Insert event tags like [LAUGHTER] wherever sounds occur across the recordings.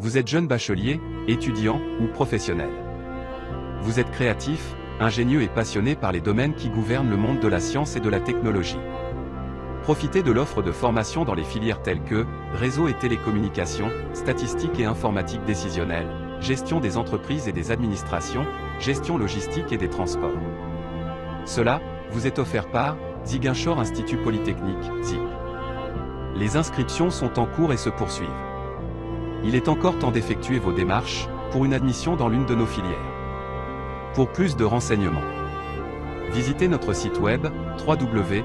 vous êtes jeune bachelier, étudiant ou professionnel. Vous êtes créatif, ingénieux et passionné par les domaines qui gouvernent le monde de la science et de la technologie. Profitez de l'offre de formation dans les filières telles que réseau et télécommunications, statistiques et informatique décisionnelle, gestion des entreprises et des administrations, gestion logistique et des transports. Cela vous est offert par Ziguinchor Institut Polytechnique, ZIP. Les inscriptions sont en cours et se poursuivent. Il est encore temps d'effectuer vos démarches pour une admission dans l'une de nos filières. Pour plus de renseignements, visitez notre site web www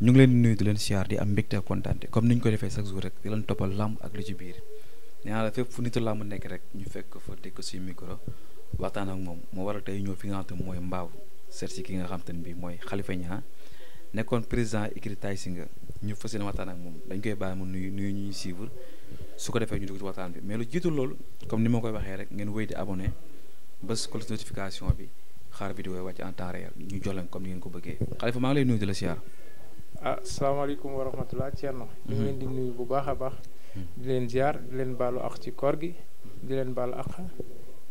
ñu ngi leen nuyu di leen siyaar di am mbégte ak kontaante comme niñ ko defee chaque jour rek di leen toppal lamb ak li ci biir ñaa la fu nitu lamb nekk rek ñu fekk fa dégg suñu micro waxtaan ak moom moo waral tey ñëw fi nga xam te mooy mbaaw seet ki nga xam te bi mooy xalifa ñaa nekkoon président ikri tay singa ñu fasiyene waxtaan ak moom dañ koy bàyyi mu nuyu nuyu ñuy suivre su ko defee ñu dugg ci waxtaan bi mais lu jiitul loolu comme ni koy waxee rek ngeen wéy di abonné ba su notification bi xaar vidéo yi wàcc en temps réel ñu jolleen comme ni ngeen ko bëggee xalifa maa ngi lay nuyu di la siyaar ah salaamaaleykum wa rahmatulah Thierno. ñu leen di nuyu bu baax a baax. di leen ziar di leen baalu ak ci koor gi. di leen baalu ak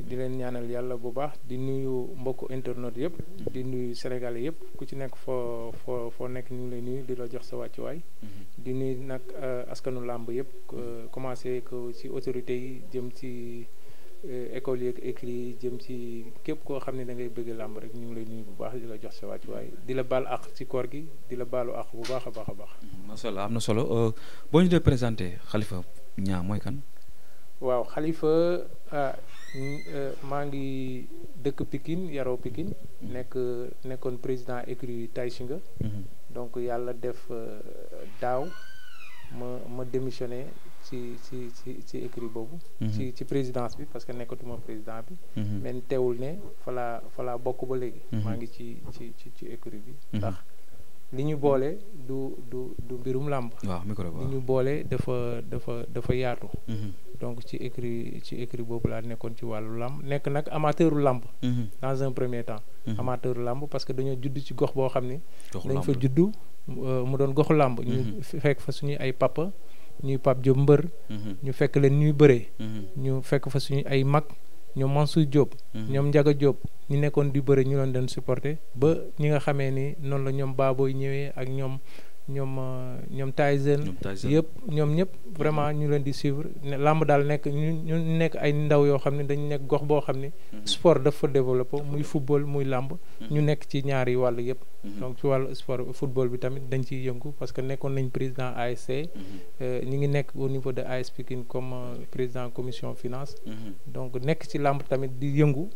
di leen ñaanal yàlla bu baax di nuyu mbokk internet yëpp. di nuyu sénégalais yëpp ku ci nekk foo foo foo nekk ñu ngi lay nuyu di la jox sa wàccuwaay. di nuyu nag ah, askanu làmb yëpp euh, commencé ko ci autorités yi jëm ci. Euh, école yeeg écrit jëm si képp koo xam ne da ngay bëgg làmb rek ñu ngi lay nuyu bu baax di la jox sa wàccuwaay di la baal àq ci koor gi di la baalu àq bu baax a baax a baax. ma allah am na solo euh, boo ñu dee présenté Khalifa Niang mooy kan. waaw xalifa ah, euh, maa ngi dëkk pikin yaroo pikin mm-hmm. nekk nekkoon président écrit Taïsinga. Mm-hmm. donc yàlla def daaw ma ma démissionné. ci ci ci ci écrit boobu. Mhm. ci ci présidence parce que nekkatuma président bi. Mhm. mais ba mhm. écrit bi. ndax du du du mbirum làmb. waaw micro ñu boole dafa dafa dafa donc ci écrit ci écrit boobu laa nekkoon ci wàllu làmb nekk amateuru dans un premier temps. amateuru parce que dañoo judd ci fa mu ñu fekk fa ay ñuy Pape Diop mbër. Mm-hmm. ñu fekk leen ñuy bëree. Mm-hmm. ñu fekk fa suñu ay mag ñoom Mansour jóob mm-hmm. ñoom Ndiaga jóob ñu nekkoon di bëre ñu doon doon supporter ba ñi nga xamee ni noonu la ñoom baabooy ñëwee ak ñoom. ñoom euh, ñoom Tyson yëpp ñoom ñëpp vraiment ñu leen di suivre làmb daal nekk ñu ñu nekk ay ndaw yoo xam ne dañu nekk gox boo xam ne mhm. sport dafa développé muy mhm. football muy làmb mhm. ñu nekk ci ñaari wàll yëpp donc ci wàll sport football bi tamit dañ ciy yëngu parce que nekkoon nañ président ASC euh, ñi ngi nekk au niveau de AS Pikine comme euh, président commission finance donc nekk ci làmb tamit di yëngu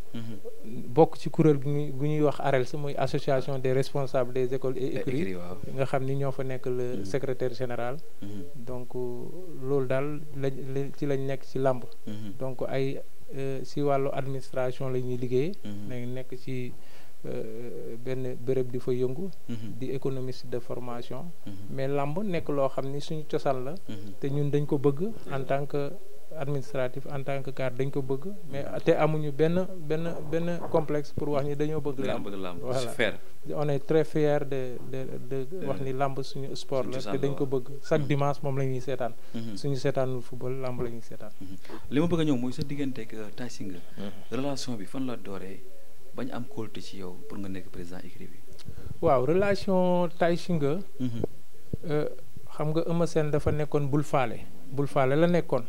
bokk ci kuréel gu ñuy wax ARELS muy association des responsables des écoles fa nekk le mm -hmm. secrétaire général mm -hmm. donc loolu daal ci lañ nekk ci lamb mm-hmm. donc ay si euh, wàllu administration la ñuy liggéey mm-hmm. nañ nekk ci euh, benn béréb di fa yëngu mm-hmm. di économiste de formation mais lamb nekk loo xam ni suñu cosan la te ñun dañ ko bëgg en tant que administratif en tant que cadre dañ ko bëgg mais mm-hmm. te amuñu benn benn benn complexe pour wax ni dañoo bëgg làmb voilà on est très fier de de de mm-hmm. wax ni làmb suñu sport la te dañ ko bëgg chaque mm-hmm. dimanche moom la ñuy seetaan suñu seetaanul football làmb la ñuy seetaan li ma bëgg a ñëw mooy sa diggante ak euh, Tay Shinger relation bi fon la dooree bañ am kóolute ci yow pour nga nekk président écurie bi waaw relation Tay Shinger euh, xam nga Eumeu Sène dafa nekkoon bul faale bul faale la nekkoon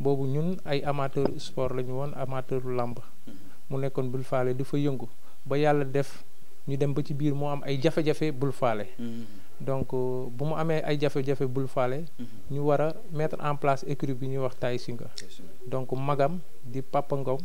boobu ñun ay amateur sport la ñu woon amateur làmb mm-hmm. mu nekkoon bul faale du fa yëngu ba yàlla def ñu dem ba ci biir moo am ay jafe-jafe bul faale mm-hmm. donc euh, bu mu amee ay jafe-jafe bul faale mm-hmm. ñu war a mettre en place écurie bi ñuy wax Tay Shinga donc magam di Papa Ngom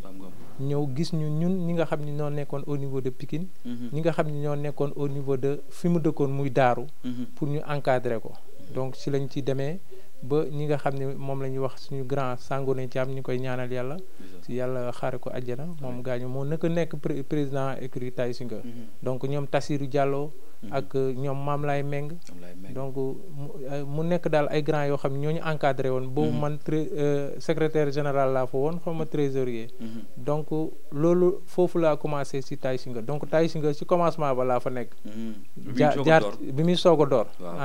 ñëw gis ñu ñun ñi nga xam ni ñoo nekkoon au niveau de Pikine ñi nga xam ni ñoo nekkoon au niveau de fi mu dëkkoon muy daaru pour ñu encadrer ko donc si lañ ci demee ba ñi nga xam ne moom la ñuy wax suñu grand Sangoné Thiam ñu koy ñaanal yàlla. si yàlla xaare ko àjjana moom gaañu moo naka nekk président écurie Tay Shinger mhm. donc ñoom Tassirou Diallo. ak ñoom maam laay meng donc euh, mu nekk daal ay grand yoo xam ñoo ñu encadré woon boobu mm-hmm. man euh, secrétaire général laa fa woon xawma trésorier mm-hmm. donc loolu foofu laa commencé si Tay Shinger donc Tay Shinger si commencement ba laa fa nekk mm-hmm. jaar bi muy soog a door waaw ah,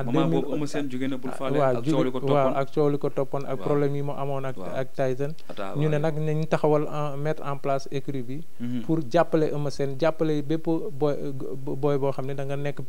ak coow li ko toppoon ak problème yi mu amoon ak ak Tyson ñu ne nag nañ taxawal en mettre en place écurie bi pour jàppale Eumeu Sène jàppale bépp booy booy boo xam ne da nekk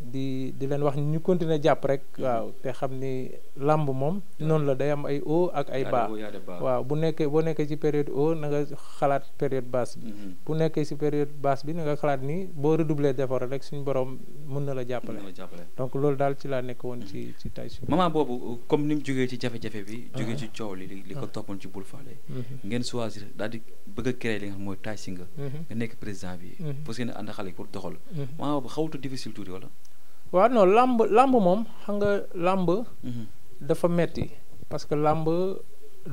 di di leen wax ñu continuer jàpp rek mm-hmm. waaw te xam ni làmb moom noonu la day am ay o ak ay bas waaw bu nekkee boo nekkee ci période haut na nga xalaat période basse bi mm-hmm. bu nekkee ci période basse bi na nga xalaat ni boo redoubler d'effort rek suñu borom mën na la jàppale donc loolu daal ci laa nekk woon ci mm-hmm. ci tay su boobu comme ni mu jógee ci jafe-jafe bi uh-huh. jógee ci coow li li ko uh-huh. toppoon ci bul faale ngeen choisir daal di bëgg a créer li nga xam mooy Tay Shinger nga bi parce que ne ànd xale pour waa non làmb làmb moom xam nga làmb mhm. dafa metti parce que làmb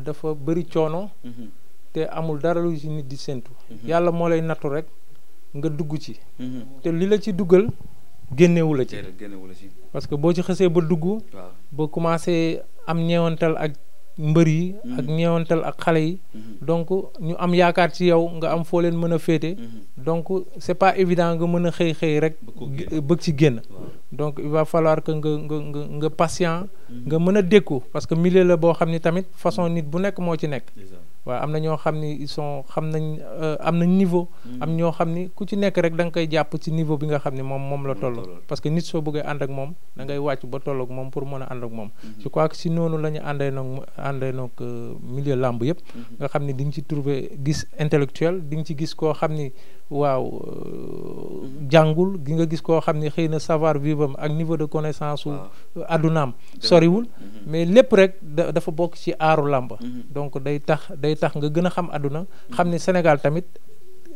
dafa bëri coono mhm. te amul dara lu nit di séntu mhm. yàlla moo lay nattu rek nga dugg ci te li la ci duggal génnewu la ci parce que boo ci xësee ba dugg ba commencé am ñeewantal ak mbër yi mhm. ak ñeewantal ak xale yi mhm. donc ñu am yaakaar ci yow nga am foo leen mën a féete mhm. donc c'est pas évident nga mën a xëy xëy rek bëgg ci génn donc il va falloir que nga nga nga nga patient nga mën a dékku parce que milieu la boo xam ni tamit façon nit bu nekk moo ci nekk waaw am na ñoo xam ni ils xam nañ euh, am na niveau. Mm. am ñoo xam ni ku ci nekk rek danga nga koy jàpp si niveau bi nga xam ni moom moom la toll. parce que nit soo bëggee ànd ak moom dangay wàcc ba toll ak moom pour mën a ànd ak moom. Mm-hmm. je crois que si noonu la ñu àndee noog àndee noog euh, milieu làmb yëpp. Mm-hmm. nga xam ni di nga ci trouver gis intellectuel di nga ci gis koo xam ni. waaw euh, jàngul gi nga gis koo xam ne xëy na savoir vivre am ak niveau de connaissance su ah. addunaam soriwul mhm. mais lépp rek dafa bokk ci aaru lamb mhm. donc day tax day tax nga gën a xam aduna mhm. xam ne Sénégal tamit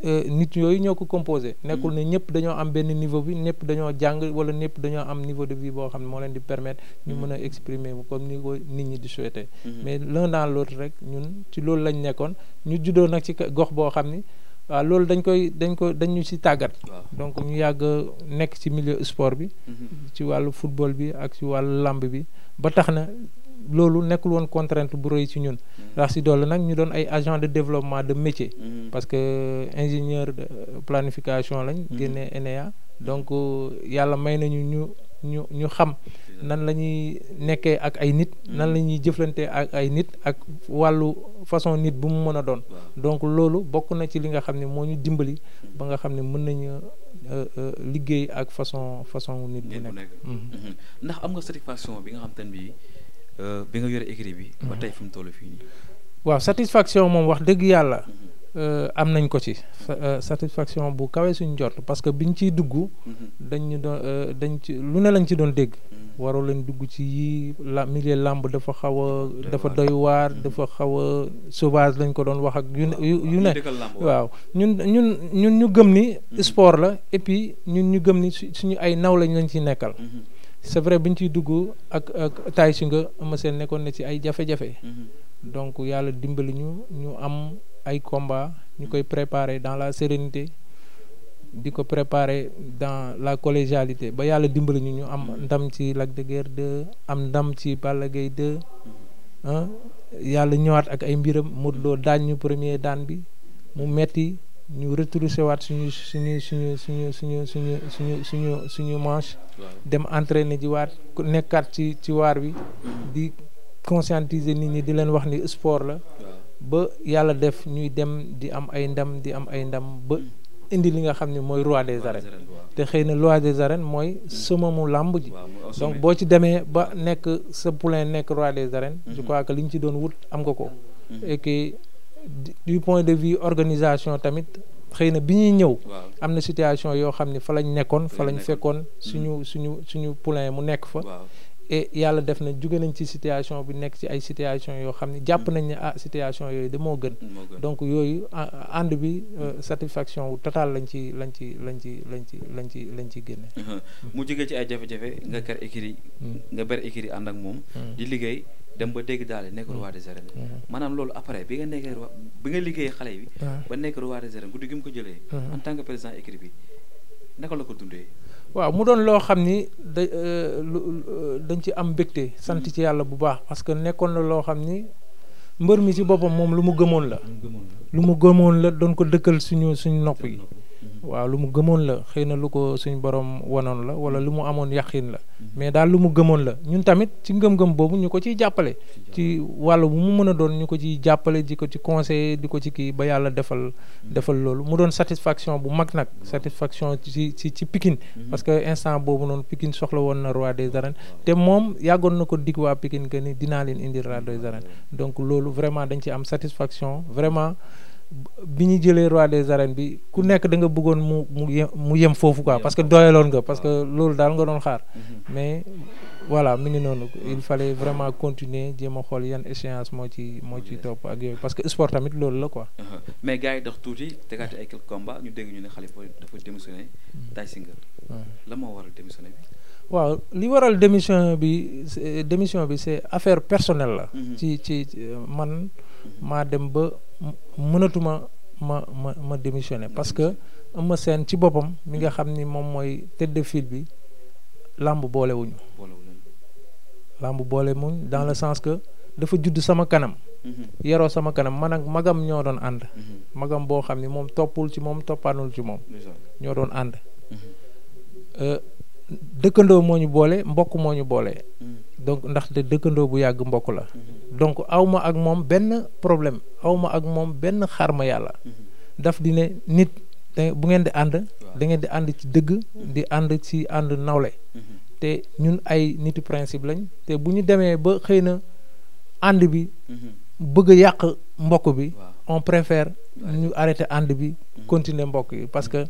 euh, nit yooyu ñoo ko composé nekkul ne ñëpp dañoo am benn niveau bi ñëpp dañoo jàng wala ñëpp dañoo am niveau de vie boo xam ne moo leen di permettre ñu mën a exprimer wu comme ni ko nit ñi di souhaiter mais l'un dans l'autre rek ñun ci loolu lañ nekkoon ñu juddoo nag ci gox boo xam ni waa loolu dañ koy dañ ko dañu ci tàggat. donc ñu yàgg nekk ci milieu sport bi. Mhm. ci wàllu football bi ak ci wàll làmb bi ba tax na loolu nekkul woon contrainte bu rëy ci ñun. Mhm. ndax ci doole nag ñu doon ay agent de développement de métier. Mhm. parce que euh, ingénieur de euh, planification lañ. génne ENEA donc euh, yàlla may nañu ñu. ñu ñu xam nan la ñuy nekkee ak ay nit nan la ñuy jëflantee ak ay nit ak wàllu façon nit bu mu mën a doon donc loolu bokk na ci li nga xam ne moo ñu dimbali ba nga xam ne mën nañu euh, euh, liggéey ak façon façon nit bu nekk mhm. Mhm. ndax am nga satisfaction bi nga xam te bii euh, bi nga yore écrit bi ba mhm. tey fi mu toll fii nii waaw satisfaction moom wax dëgg yàlla Euh, am nañ ko ci euh, satisfaction bu kawee suñ jot parce que ñu ciy dugg mm-hmm. dañu ñu doon euh, dañ ci lu ne lañ ci doon dégg mm-hmm. waroo lañ dugg ci yii la milieu làmb dafa xaw a dafa doy waar mm-hmm. dafa xaw a sauvage lañ ko doon wax ak yu ne yu ne waaw ñun ñun ñun ñu gëm ni sport la et puis ñun ñu gëm ni su suñu ay naw lañ lañ ciy nekkal c'est vrai biñ ciy dugg ak ak taay nga ma seen nekkoon ne ci ay jafe-jafe donc yàlla dimbali ñu ñu am ay combat ñu koy préparer dans la sérénité di ko préparer dans la collégialité ba yàlla dimbali ñu ñu am ndam ci Lac de Guiers 2 am ndam ci Balla Gaye 2 ah yàlla ñëwaat ak ay mbiram Modou Lo daan ñu premier daan bi mu metti ñu retroussé waat suñu suñu suñu suñu suñu suñu suñu suñu suñu manche dem entraîné ji waat nekkaat ci ci waar bi di conscientiser nit ñi di leen wax ni sport la ba yàlla def ñuy dem di am ay ndam di am ay ndam ba indi li nga xam ne mooy roi des arènes te xëy na roi des arènes mooy mm. mu làmb ji donc boo ci demee ba nekk sa poulain nekk roi des arènes mm-hmm. je crois que li ñu ci doon wut am nga ko mm-hmm. et point de vie organisation tamit xëy na bi ñuy ñëw am na situation yoo xam ne fa lañ nekkoon fa lañ fekkoon suñu mm-hmm. suñu suñu poulain mu nekk fa et yàlla def na jóge nañ ci situation bi nekk ci ay situation yoo xam ne jàpp mm. nañ ne ah situation yooyu de moo gën donc yooyu ànd bi mm. euh, satisfaction wu total lañ ci lañ ci lañ ci lañ ci lañ ci lañ ciy génne [LAUGHS] uh-huh. mm. mu jógee ci ay jafe-jafe nga ker écurie nga ber écurie ànd ak moom di liggéey dem ba dégg daal nekk roi des arènes mm-hmm. maanaam loolu après bi nga nekkee bi nga liggéey xale yi ba nekk roi des arènes guddi gi mu ko jëlee mm-hmm. en tant que président écurie bi naka la ko dundee waaw mu doon loo xam ni da euh, dañ ci am mbégte sant ci yàlla bu baax parce que nekkoon na loo xam ni mbër mi ci boppam moom lu mu gëmoon la lu mu gëmoon la doon ko dëkkal suñu suñu nopp yi waaw lu mu gëmoon la xëy na lu ko suñ borom wanoon la wala lu mu amoon yàqin la mm-hmm. mais daal lu mu gëmoon la ñun tamit ci ngëm-ngëm boobu ñu ko ciy jàppale ci wàll bu mu mën a doon ñu ko ciy jàppale di ko ci conseiller di ko ci kii ba yàlla defal mm-hmm. defal loolu mu doon satisfaction bu mag nag mm-hmm. satisfaction ci ci ci Pikine parce que instant boobu noonu pikin soxla woon na roi des arènes te moom yàggoon na ko dig waa Pikine que ni dinaa leen indi roi des arènes donc dañ ci am satisfaction vraiment bi ñu jëlee roi des arènes bi ku nekk da nga bëggoon mu mu yem mu foofu quoi parce que doyaloon nga parce que loolu daal nga doon xaar mhm. mais voilà mi ngi noonu il fallait vraiment continuer jéem a xool yan échéance moo ci moo ci topp ak yooyu parce que sport tamit loolu la quoi. Uh-huh. mais gars yi dox tuuti tegaate ay quelques combats ñu dégg ñu ne Khalifa mm. bi. waaw li waral démission bi démission bi c'est affaire personnelle la. Mm-hmm. ci ci man. ma dem ba mënatuma ma ma ma démissionné parce que Eumeu Sène ci boppam mi nga xam ni moom mooy tête de file bi làmb boolewuñu làmb boolewuñu dans le sens que dafa judd sama kanam mhm. yaroo sama kanam man ak magam ñoo doon ànd mhm. magam boo xam ni moom toppul ci moom toppaanul ci moom ñoo doon ànd mhm. euh, dëkkandoo moo ñu boole mbokk moo ñu boole donc ndax dëkkandoo bu yàgg mbokk la donc aw ma ak moom benn problème aw ak moom benn xarma yàlla mhm. daf di ne nit eh, bu ngeen di ànd da ngeen di ànd ci dëgg mhm. di ànd ci ànd nawle mhm. te ñun ay nitu principe lañ te bu ñu demee ba xëy na ànd bi bëgg yàq mbokk bi on préfère ñu arrêté ànd bi continuer mbokk yi parce que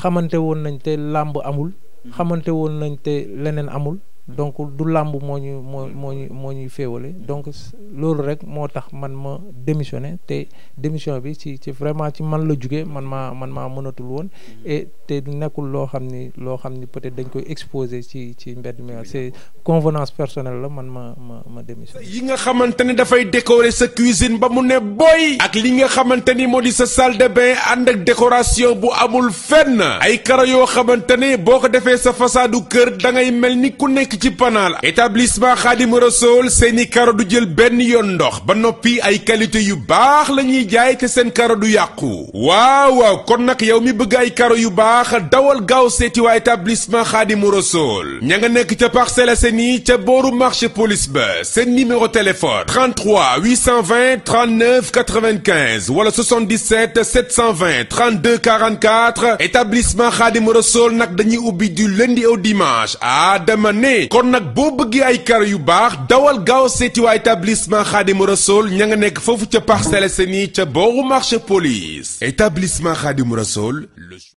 xamante woon nañ te làmb amul xamante woon nañ te leneen amul donc du lamb moo ñu moo moo ñuy donc lolu rek motax man ma démissionné té démission bi ci ci vraiment ci man la jugee man ma man ma mënatul won et té nekkul loo xam ni loo xam peut-être dañ koy exposé ci ci mbéd mi c'est convenance personnelle la man ma ma ma démissionné. yi nga xamante da fay décorer sa cuisine ba mu né boy ak li nga xamante modi sa salle de bain and ak décoration bu amul fenn ay karo yoo xamante ni boo sa façade kër da ngay melni ni ku nekk ci panaa établissement khadim rasoul seeni karo du jël ben yon ndox ba nopi ay qualité yu bax jaay te karo du Yaku. waaw waaw kon nak yow mi bëgg ay karo yu dawal gaaw wa établissement khadim rasoul ña nga nekk ca Parcelles Assainies ca boru marché police ba numéro téléphone 33 820 39 95 wala 77 720 32 44 établissement khadim rasoul nak dañuy ubi du lundi au dimanche à demain kon nag boo bëggee ay karo yu baax dawal gaaw seeti waa établissement Xaadimu Rasuul ña nga nekk foofu ca Parcelles Assainies ca booru marché police établissement Xaadimu Rasuul